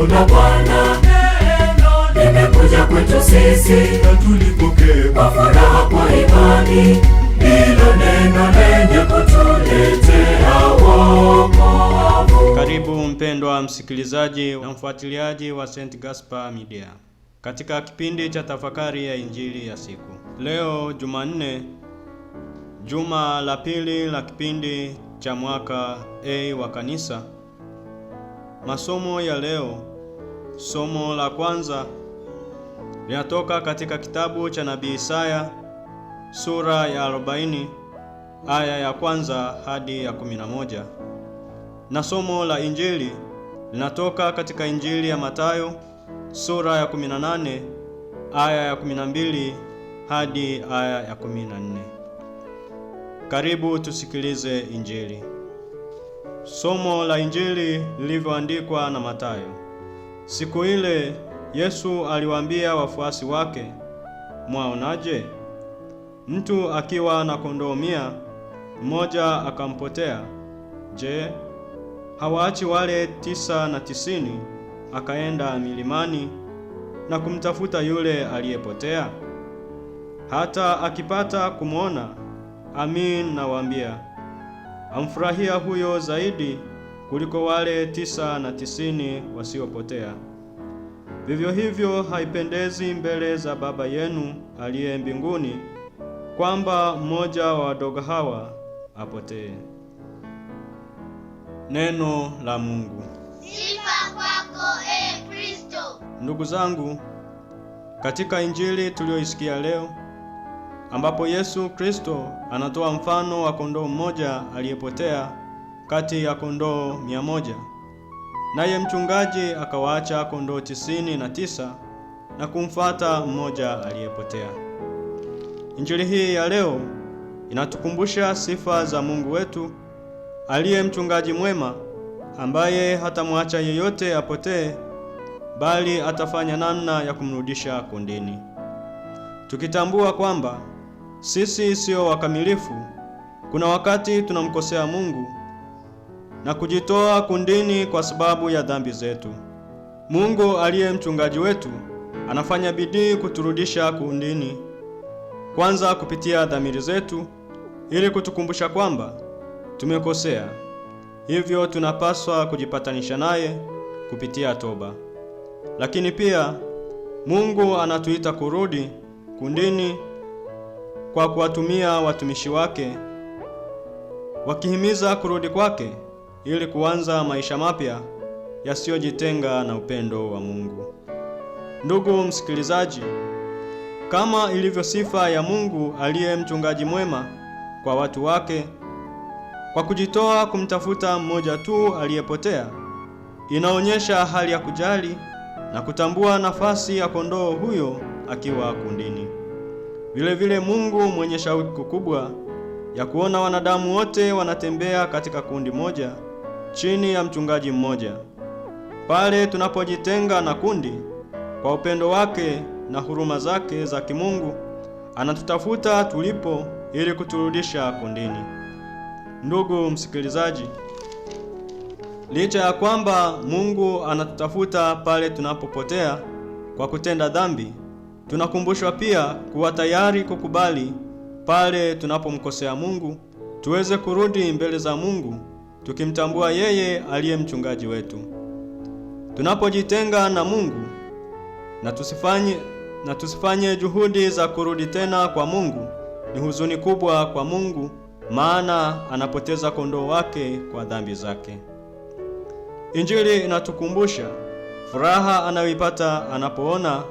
Ona Bwana imekuja kwetu sisi, na tulipokee kwa furaha kwa imani. Hilo neno lenye kutuletea wokovu. Karibu mpendwa msikilizaji na mfuatiliaji wa St. Gaspar Media katika kipindi cha tafakari ya injili ya siku leo, Jumanne, juma la pili la kipindi cha mwaka A wa Kanisa. Masomo ya leo Somo la kwanza linatoka katika kitabu cha nabii Isaya sura ya 40 aya ya kwanza hadi ya 11, na somo la injili linatoka katika injili ya Matayo sura ya 18 aya ya 12 hadi aya ya 14. Karibu tusikilize injili. Somo la injili lilivyoandikwa na Matayo. Siku ile Yesu aliwaambia wafuasi wake, mwaonaje? Mtu akiwa na kondoo mia, mmoja akampotea. Je, hawaachi wale tisa na tisini akaenda milimani na kumtafuta yule aliyepotea? Hata akipata kumwona, amin nawaambia, amfurahia huyo zaidi kuliko wale tisa na tisini wasiopotea. Vivyo hivyo haipendezi mbele za Baba yenu aliye mbinguni kwamba mmoja wa wadogo hawa apotee. Neno la Mungu. Sifa kwako e Kristo. Ndugu zangu, katika injili tuliyoisikia leo, ambapo Yesu Kristo anatoa mfano wa kondoo mmoja aliyepotea kati ya kondoo mia moja. Naye mchungaji akawaacha kondoo tisini na tisa na kumfata mmoja aliyepotea. Injili hii ya leo inatukumbusha sifa za Mungu wetu aliye mchungaji mwema ambaye hatamwacha yeyote apotee bali atafanya namna ya kumrudisha kundini. Tukitambua kwamba sisi sio wakamilifu, kuna wakati tunamkosea Mungu na kujitoa kundini kwa sababu ya dhambi zetu. Mungu aliye mchungaji wetu anafanya bidii kuturudisha kundini, kwanza kupitia dhamiri zetu, ili kutukumbusha kwamba tumekosea, hivyo tunapaswa kujipatanisha naye kupitia toba. Lakini pia Mungu anatuita kurudi kundini kwa kuwatumia watumishi wake, wakihimiza kurudi kwake ili kuanza maisha mapya yasiyojitenga na upendo wa Mungu. Ndugu msikilizaji, kama ilivyo sifa ya Mungu aliye mchungaji mwema kwa watu wake, kwa kujitoa kumtafuta mmoja tu aliyepotea, inaonyesha hali ya kujali na kutambua nafasi ya kondoo huyo akiwa kundini. Vile vile Mungu mwenye shauku kubwa ya kuona wanadamu wote wanatembea katika kundi moja chini ya mchungaji mmoja. Pale tunapojitenga na kundi, kwa upendo wake na huruma zake za kimungu anatutafuta tulipo ili kuturudisha kundini. Ndugu msikilizaji, licha ya kwamba Mungu anatutafuta pale tunapopotea kwa kutenda dhambi, tunakumbushwa pia kuwa tayari kukubali pale tunapomkosea Mungu, tuweze kurudi mbele za Mungu tukimtambua yeye aliye mchungaji wetu. Tunapojitenga na Mungu na tusifanye, na tusifanye juhudi za kurudi tena kwa Mungu, ni huzuni kubwa kwa Mungu, maana anapoteza kondoo wake kwa dhambi zake. Injili inatukumbusha furaha anayoipata anapoona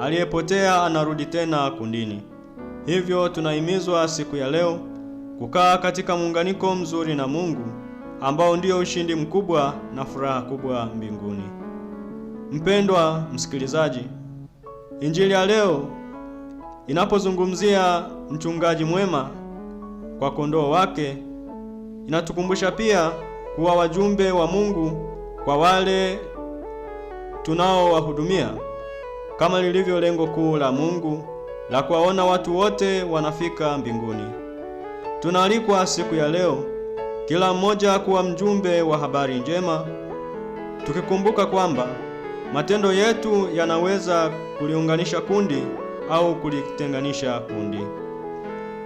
aliyepotea anarudi tena kundini. Hivyo tunahimizwa siku ya leo kukaa katika muunganiko mzuri na Mungu ambao ndio ushindi mkubwa na furaha kubwa mbinguni. Mpendwa msikilizaji, Injili ya leo inapozungumzia mchungaji mwema kwa kondoo wake, inatukumbusha pia kuwa wajumbe wa Mungu kwa wale tunaowahudumia, kama lilivyo lengo kuu la Mungu la kuwaona watu wote wanafika mbinguni. Tunaalikwa siku ya leo kila mmoja kuwa mjumbe wa habari njema, tukikumbuka kwamba matendo yetu yanaweza kuliunganisha kundi au kulitenganisha kundi.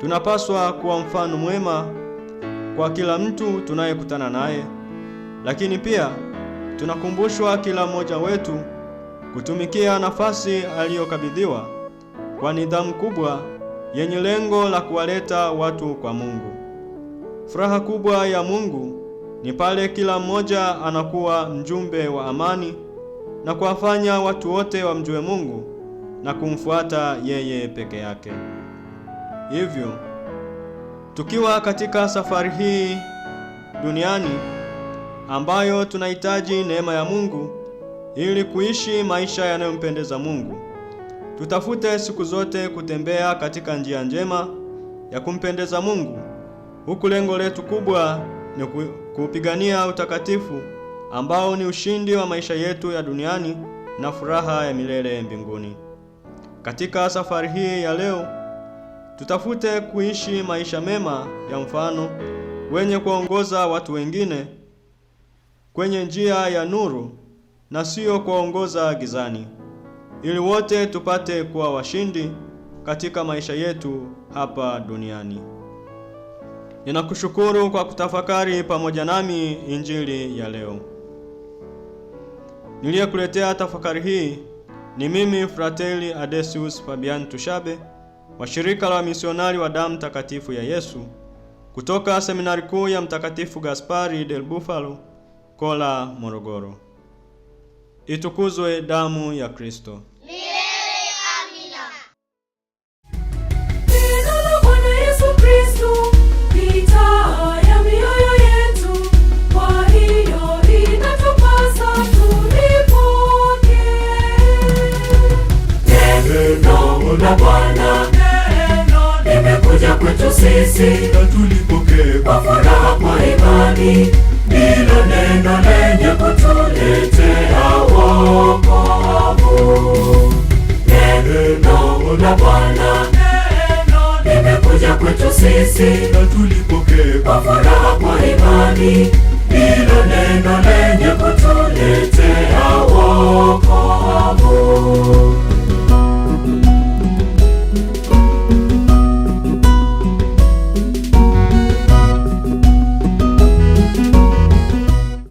Tunapaswa kuwa mfano mwema kwa kila mtu tunayekutana naye, lakini pia tunakumbushwa kila mmoja wetu kutumikia nafasi aliyokabidhiwa kwa nidhamu kubwa yenye lengo la kuwaleta watu kwa Mungu. Furaha kubwa ya Mungu ni pale kila mmoja anakuwa mjumbe wa amani na kuwafanya watu wote wamjue Mungu na kumfuata yeye peke yake. Hivyo, tukiwa katika safari hii duniani ambayo tunahitaji neema ya Mungu ili kuishi maisha yanayompendeza Mungu, tutafute siku zote kutembea katika njia njema ya kumpendeza Mungu huku lengo letu kubwa ni kuupigania utakatifu ambao ni ushindi wa maisha yetu ya duniani na furaha ya milele mbinguni. Katika safari hii ya leo, tutafute kuishi maisha mema ya mfano wenye kuwaongoza watu wengine kwenye njia ya nuru na siyo kuwaongoza gizani, ili wote tupate kuwa washindi katika maisha yetu hapa duniani. Ninakushukuru kwa kutafakari pamoja nami Injili ya leo. Niliyekuletea tafakari hii ni mimi Frateli Adesius Fabian Tushabe wa shirika la wamisionari wa damu takatifu ya Yesu kutoka seminari kuu ya Mtakatifu Gaspari del Bufalo, Kola, Morogoro. Itukuzwe damu ya Kristo! hili ndilo neno lenye kutuletea wokovu. Neno la Bwana limekuja kwetu sisi, na tulipokea kwa furaha kwa imani.